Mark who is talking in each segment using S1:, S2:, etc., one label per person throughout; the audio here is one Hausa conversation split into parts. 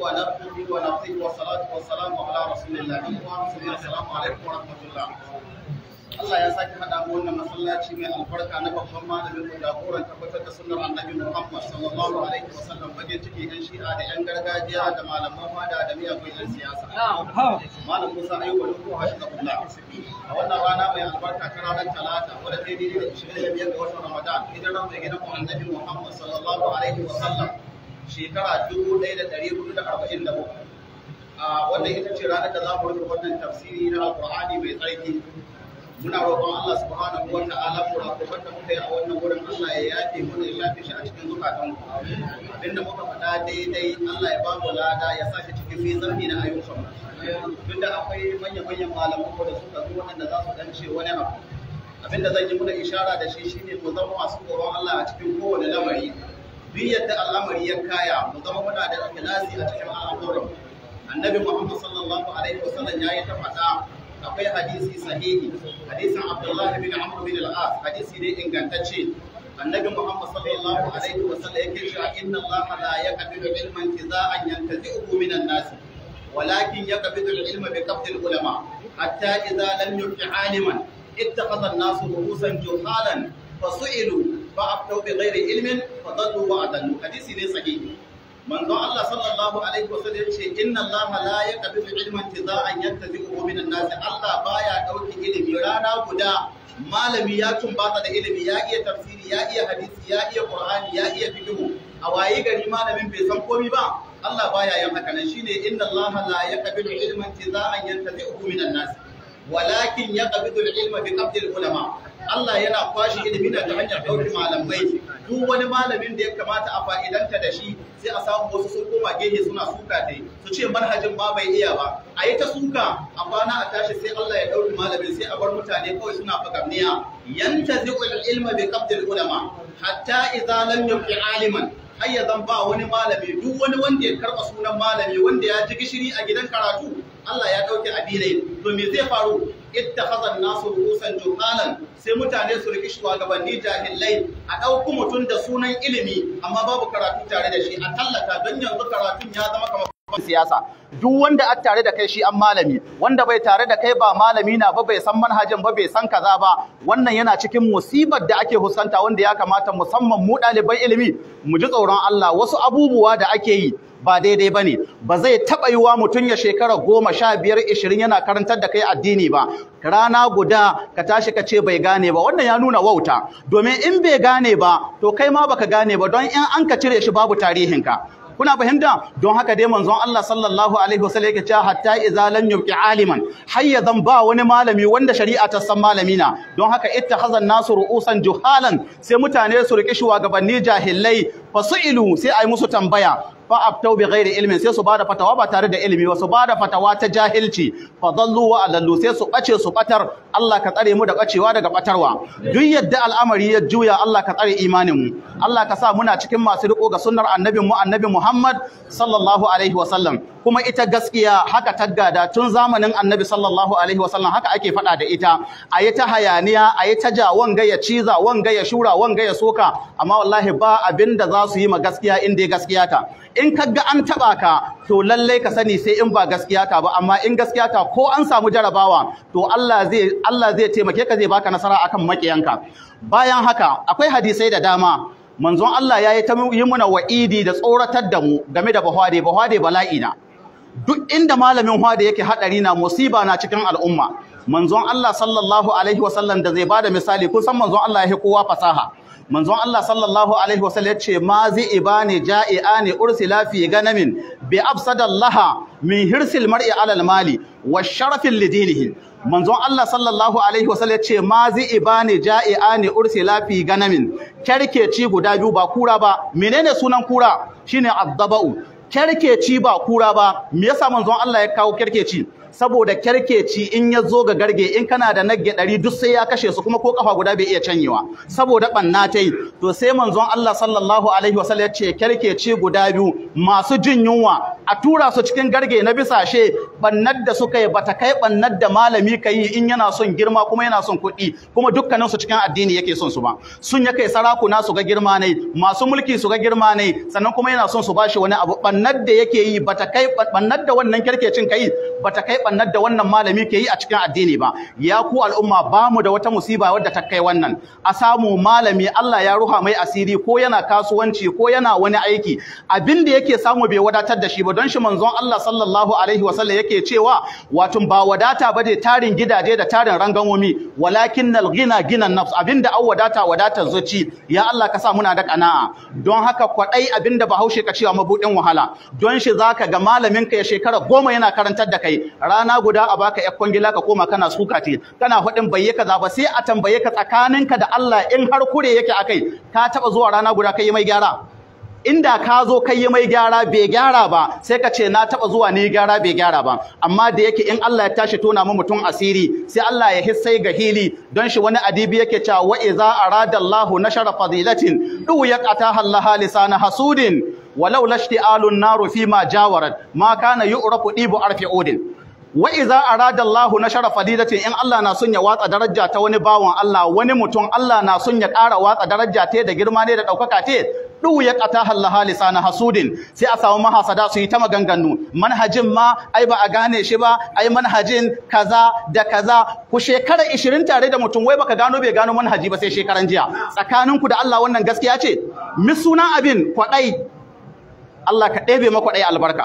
S1: ونفذ Allah ya sake haɗa mu wannan masallaci mai albarka na babban malamin mu jagoran tabbatar da sunnar annabi Muhammad sallallahu alaihi wasallam bakin ciki yan shi'a da yan gargajiya da malaman fada da miyagun yan siyasa. Malam Musa Ayuba duk kowa da zaɓulla. A wannan rana mai albarka ta ranar Talata wadda ta yi daidai da 25 ga watan Ramadan hijirar mai gidan annabi Muhammad sallallahu alaihi wasallam shekara dubu ɗaya da da ɗari arba'in 1443 a wanda ita ce ranar da za mu rufe wannan tafsiri na alkur'ani mai tsarki muna roƙon Allah subhanahu wa ta'ala mu rafu wanda muka kai a wannan wurin Allah ya yafe mana ya shi a cikin zukatan mu abinda muka faɗa daidai Allah ya ba mu lada ya sa shi cikin ni na ayyukan mu da akwai manya-manyan malaman ko da suka zo waɗanda za su dan ce wani abu abinda zan yi muna ishara da shi shine mu zama masu tsoron Allah a cikin kowane lamari Biyar da al'amari ya kaya mu zama muna da ikhlasi a cikin al'amuran annabi muhammad sallallahu alaihi wa sallam ya yi ta faɗa akwai hadisi sahihi hadisin abdullahi bin amr bin al-as hadisi ne ingantacce annabi muhammad sallallahu alaihi wa wasallam yake cewa inna allaha la yaqbilu ilman tizaan yantazi'uhu min an-nas ولكن يقبض العلم بقبض العلماء حتى إذا لم يبق عالما اتخذ الناس رؤوسا جهالا فسئلوا ba aftau bi ghairi ilmin fa dallu wa adallu hadisi ne sahihi manzo Allah sallallahu alaihi wasallam yace inna Allah la yaqbidu ilman tizaan yantazi'uhu min an-nas Allah baya dauki ilimi rana guda malami ya tumbata da ilimi ya iya tafsiri ya iya hadisi ya iya qur'ani ya iya fiqh a waye gari malamin bai san komai ba Allah baya yin haka nan shine inna Allah la yaqbidu ilman tizaan yantazi'uhu min an-nas walakin yaqbidu al-ilma bi qabdi al-ulama Allah yana kwashe ilimi da ta hanyar ɗauki malamai duk wani malamin da ya kamata a fa'idanta da shi sai a samu wasu sun koma gehe suna suka dai su ce manhajin ba bai iya ba a yi ta suka a kwana a tashi sai Allah ya ɗauki malamin sai a bar mutane kawai suna fagamniya yanta ziƙul ilma bi qabdil ulama hatta idza lam aliman har ya zan ba wani malami duk wani wanda ya karɓa sunan malami wanda ya ji gishiri a gidan karatu Allah ya ɗauke abinai to me zai faru ittakhadha an-nasu ru'usan juhalan sai mutane su riki shugabanni jahilai a dauku mutun da sunan ilimi amma babu karatu tare da shi a tallata don yanzu karatun ya zama kamar siyasa duk wanda a tare da kai shi an malami wanda bai tare da kai ba malami na ba bai san manhajin ba bai san kaza ba wannan yana cikin musibar da ake husanta wanda ya kamata musamman mu ɗaliban ilimi mu ji tsoron Allah wasu abubuwa da ake yi ba daidai ba ne ba zai taɓa yi wa mutum ya shekara goma sha biyar ishirin yana karantar da kai addini ba rana guda ka tashi ka ce bai gane ba wannan ya nuna wauta domin in bai gane ba to kai ma baka gane ba don in an ka cire shi babu tarihinka kuna fahimta don haka dai manzon Allah sallallahu alaihi wasallam yake cewa hatta idza lam yubqi aliman hayya zan ba wani malami wanda shari'a ta san malami na don haka ittakhadha an-nasu ru'usan juhalan sai mutane su riki shugabanni jahilai fasu'ilu sai ai musu tambaya fa aftau bi ghairi ilmin sai su bada fatawa ba tare da ilimi ba su bada fatawa ta jahilci fa dallu wa alallu sai su bace su batar Allah ka tsare mu da bacewa daga batarwa duk yadda al'amari ya juya Allah ka tsare imanin mu Allah ka sa muna cikin masu riko ga sunnar annabin mu annabi Muhammad sallallahu alaihi wa sallam kuma ita gaskiya haka ta gada tun zamanin annabi sallallahu alaihi wasallam haka ake faɗa da ita a yi ta hayaniya a yi ta ja wanga ya ciza wanga ya shura wanga ya soka amma wallahi ba abin da za su yi ma gaskiya in dai gaskiya ta in ka ga an taɓa ka to lallai ka sani sai in ba gaskiya ta ba amma in gaskiya ta ko an samu jarabawa to Allah zai Allah zai taimake ka zai baka nasara akan makiyanka bayan haka akwai hadisai da dama manzon Allah ya yi ta yi muna wa'idi da tsoratar da mu game da bahwade bahwade bala'i na duk inda malamin hwada yake hadari na musiba na cikin al'umma manzon Allah sallallahu alaihi wasallam da zai bada misali kun san manzon Allah yake kowa fasaha manzon Allah sallallahu alaihi wasallam ma zai ibani ja'iani ursila fi ganamin bi afsadallaha min hirsil mar'i alal mali wa sharafin lidinihi manzon Allah sallallahu alaihi wasallam ma zai ibani ja'iani ursila fi ganamin kerkeci guda biyu ba kura ba menene sunan kura shine addaba'u. Kyarkeci ba kura ba me yasa manzon Allah ya kawo kerkeci saboda kyarkeci in ya zo ga garge in kana da nagge ɗari duk sai ya kashe su kuma ko kafa guda bai iya canyewa saboda ɓanna ta yi to sai manzon Allah sallallahu alaihi wasallam ya ce kerkeci guda biyu masu jin yunwa a tura su cikin garge na bisa she bannar da suka yi bata kai bannar da malami ka yi in yana son girma kuma yana son kuɗi kuma dukkanin su cikin addini yake son su ba sun ya kai sarakuna su ga girma ne masu mulki su ga girma ne sannan kuma yana son su ba shi wani abu bannar da yake yi bata kai bannar da wannan kirkecin kai bata kai bannar da wannan malami ka yi a cikin addini ba ya ku al'umma ba mu da wata musiba wadda ta kai wannan a samu malami Allah ya ruha mai asiri ko yana kasuwanci ko yana wani aiki abin da yake samu bai wadatar da shi ba abu don shi manzon Allah sallallahu alaihi wasallam yake cewa wato ba wadata ba dai tarin gidaje da tarin rangamomi walakin nal gina gina nafs abinda an wadata wadatar zuci ya Allah ka sa muna da kana'a don haka kwadai abinda bahaushe ka cewa mabudin wahala don shi zaka ga malamin ka ya shekara goma yana karantar da kai rana guda a baka yakkon gila ka koma kana suka te kana hudin bayye ka ba sai a tambaye ka tsakaninka da Allah in har kure yake akai ka taba zuwa rana guda kai mai gyara inda ka zo kai yi mai gyara bai gyara ba sai ka ce na taba zuwa ni gyara bai gyara ba amma da yake in Allah ya tashi tona mu mutum asiri sai Allah ya hissai ga hili don shi wani adibi yake cewa wa iza arada Allah nashara fadilatin du yaqata halaha lisana hasudin walau lashti'alun naru fi ma jawarat ma kana yu'rafu dibu arfi udin wa iza arada Allah nashara fadilatin in Allah na son ya watsa daraja ta wani bawan Allah wani mutum Allah na son ya ƙara watsa daraja ta da girma ne da ɗaukaka te duwiyat ataha Allah lisana hasudin sai a samu mahasada su yi ta maganganu manhajin ma ai ba a gane shi ba ai manhajin kaza da kaza ku shekara ishirin tare da mutum wai baka gano bai gano manhaji ba sai shekaran jiya tsakaninku da Allah wannan gaskiya ce Misuna abin kwadai Allah ka ɗebe makwaɗai albarka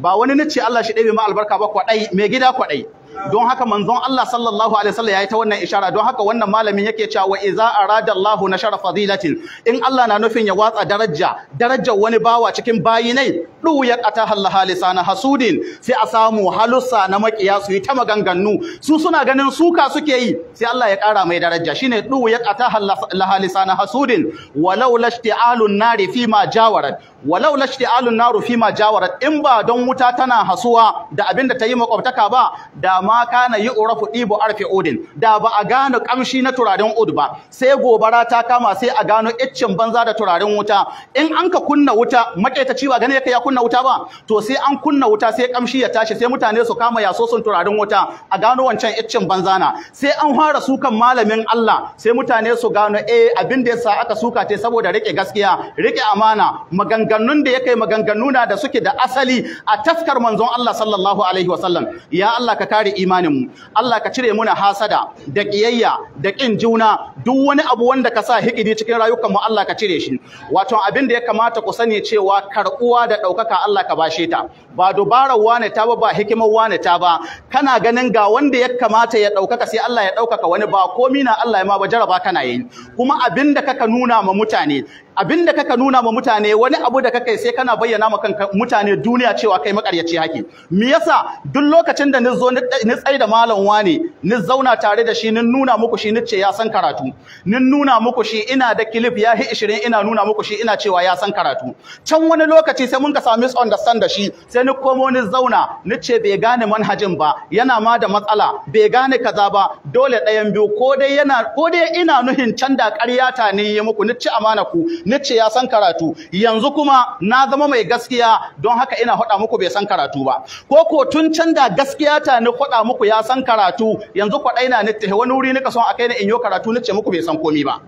S1: ba wani nace Allah shi ɗebe ma albarka ba kwaɗai mai gida kwaɗai don haka manzon Allah sallallahu alaihi wasallam yayi ta wannan ishara don haka wannan malamin yake cewa wa iza arada Allah nashara fadilatin in Allah na nufin ya watsa daraja darajar wani bawa cikin bayinai duyat atahalla halisana hasudin sai a samu halussa na makiya su yi ta maganganu su suna ganin suka suke yi sai Allah ya kara mai daraja shine duyat atahalla halisana hasudin walau lashti'alun nari ma jawarat walau lashti'alun naru fi ma jawara in ba don wuta tana hasuwa da abin da ta yi makwabtaka ba da ma kana yi urafu ɗibu arfe odin da ba a gano kamshi na turaren ud ba sai gobara ta kama sai a gano iccin banza da turaren wuta in an ka kunna wuta maƙetaci ba gane ya kunna wuta ba to sai an kunna wuta sai kamshi ya tashi sai mutane su kama ya sun turaren wuta a gano wancan iccin banza na. sai an fara sukan malamin Allah sai mutane su gano eh abin da yasa aka suka te saboda rike gaskiya rike amana maganganu maganganun da ya kai maganganu na da suke da asali a taskar manzon Allah sallallahu alaihi wa sallam ya Allah ka kare imanin mu Allah ka cire muna hasada da kiyayya da kin juna duk wani abu wanda ka sa hikidi cikin rayukan mu Allah ka cire shi wato abin da ya kamata ku sani cewa karbuwa da daukaka Allah ka bashe ta ba dubarar wane ta ba ba hikimar wane ta ba kana ganin ga wanda ya kamata ya daukaka sai Allah ya daukaka wani ba komi na Allah ya ma ba jaraba kana yi kuma abin da kaka nuna ma mutane Abin da kaka nuna ma mutane wani abu da kaka sai kana bayyana ma kanka mutane duniya cewa kai makaryaci hake me yasa duk lokacin da ni zo ni tsai da malam wane ni zauna tare da shi ni nuna muku shi ni ce ya san karatu ni nuna muku shi ina da clip ya hi 20 ina nuna muku shi ina cewa ya san karatu can wani lokaci sai mun ka sami misunderstand da shi sai ni komo ni zauna ni ce bai gane manhajin ba yana ma da matsala bai gane kaza ba dole ɗayan biyu ko dai yana ko dai ina nuhin can da ƙaryata ne ya muku ni ci amana ku nace ya san karatu yanzu kuma na zama mai gaskiya don haka ina haɗa muku bai san karatu ba ko ko tun can da gaskiya ta ni muku ya san karatu yanzu kwaɗai na nace wani wuri nika son akai na in yo karatu nace muku bai san komi ba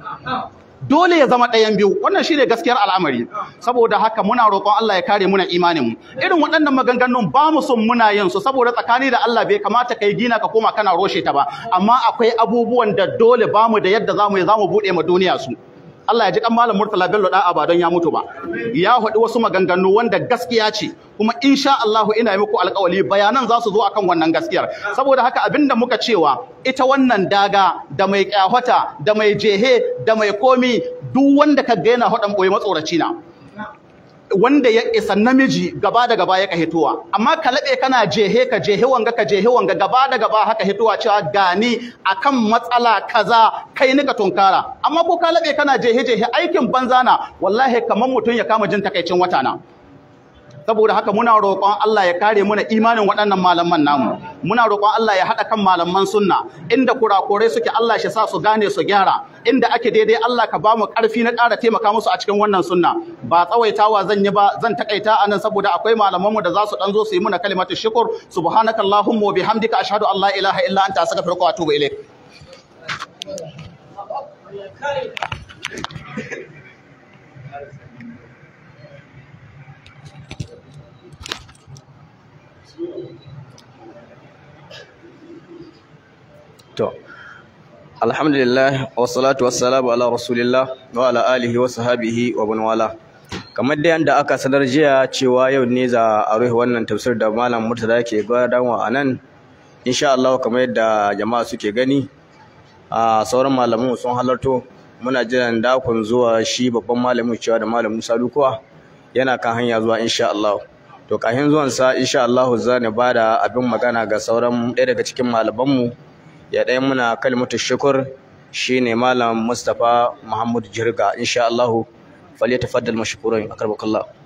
S1: dole ya zama ɗayan biyu wannan shine gaskiyar al'amari saboda haka muna roƙon Allah ya kare muna imaninmu irin waɗannan maganganun ba mu son muna yin su saboda tsakani da Allah bai kamata kai gina ka koma kana roshe ta ba amma akwai abubuwan da dole ba mu da yadda zamu yi zamu buɗe ma duniya su Allah ya ji kan malam Murtala Bello da abadan ya mutu ba ya faɗi wasu maganganu wanda gaskiya ce kuma insha Allah ina yi muku alƙawali bayanan za su zo akan wannan gaskiyar saboda haka abin da muka cewa ita wannan daga da mai kyahota da mai jehe da mai komi duk wanda ka ga yana faɗan boye matsoraci na wanda ya isa namiji gaba da gaba ya hitowa amma ka laɓe kana jehe ka jehe wanga ka jehe wanga gaba da gaba haka hitowa cewa gani akan matsala kaza kai ni nika tunkara amma ko ka laɓe kana jehe jehe aikin banza na wallahi kamar mutum ya kama jin takaicin wata na saboda haka muna roƙon Allah ya kare mana imanin waɗannan malaman namu muna roƙon Allah ya haɗa kan malaman sunna inda kurakurai suke Allah shi sa su gane su gyara inda ake daidai Allah ka bamu ƙarfi na ƙara taimaka musu a cikin wannan sunna ba tsawaitawa zan yi ba zan takaita a nan saboda akwai malaman mu da za su dan zo su yi muna kalimatu shukur subhanakallahumma wa bihamdika ashhadu an la ilaha illa anta astaghfiruka wa atubu ilaik Thank you. to alhamdulillah wassalatu wassalamu ala rasulillah wa ala alihi wa sahabihi wa bin wala kamar da yanda aka sanar jiya cewa yau ne za a rufe wannan tafsir da malam murtala ke gadanwa a nan insha Allah kamar yadda jama'a suke gani a sauran malamu sun halarto muna jiran dakun zuwa shi babban malamin cewa da malam Musa Lukuwa yana kan hanya zuwa insha Allah to kahin zuwan sa insha Allah ni bada abin magana ga sauran ɗaya daga cikin malaman mu ya ɗaya muna kalmatu shukur shine malam Mustapha Muhammad Jirga insha Allah falyatafaddal mashkurun akrabakallah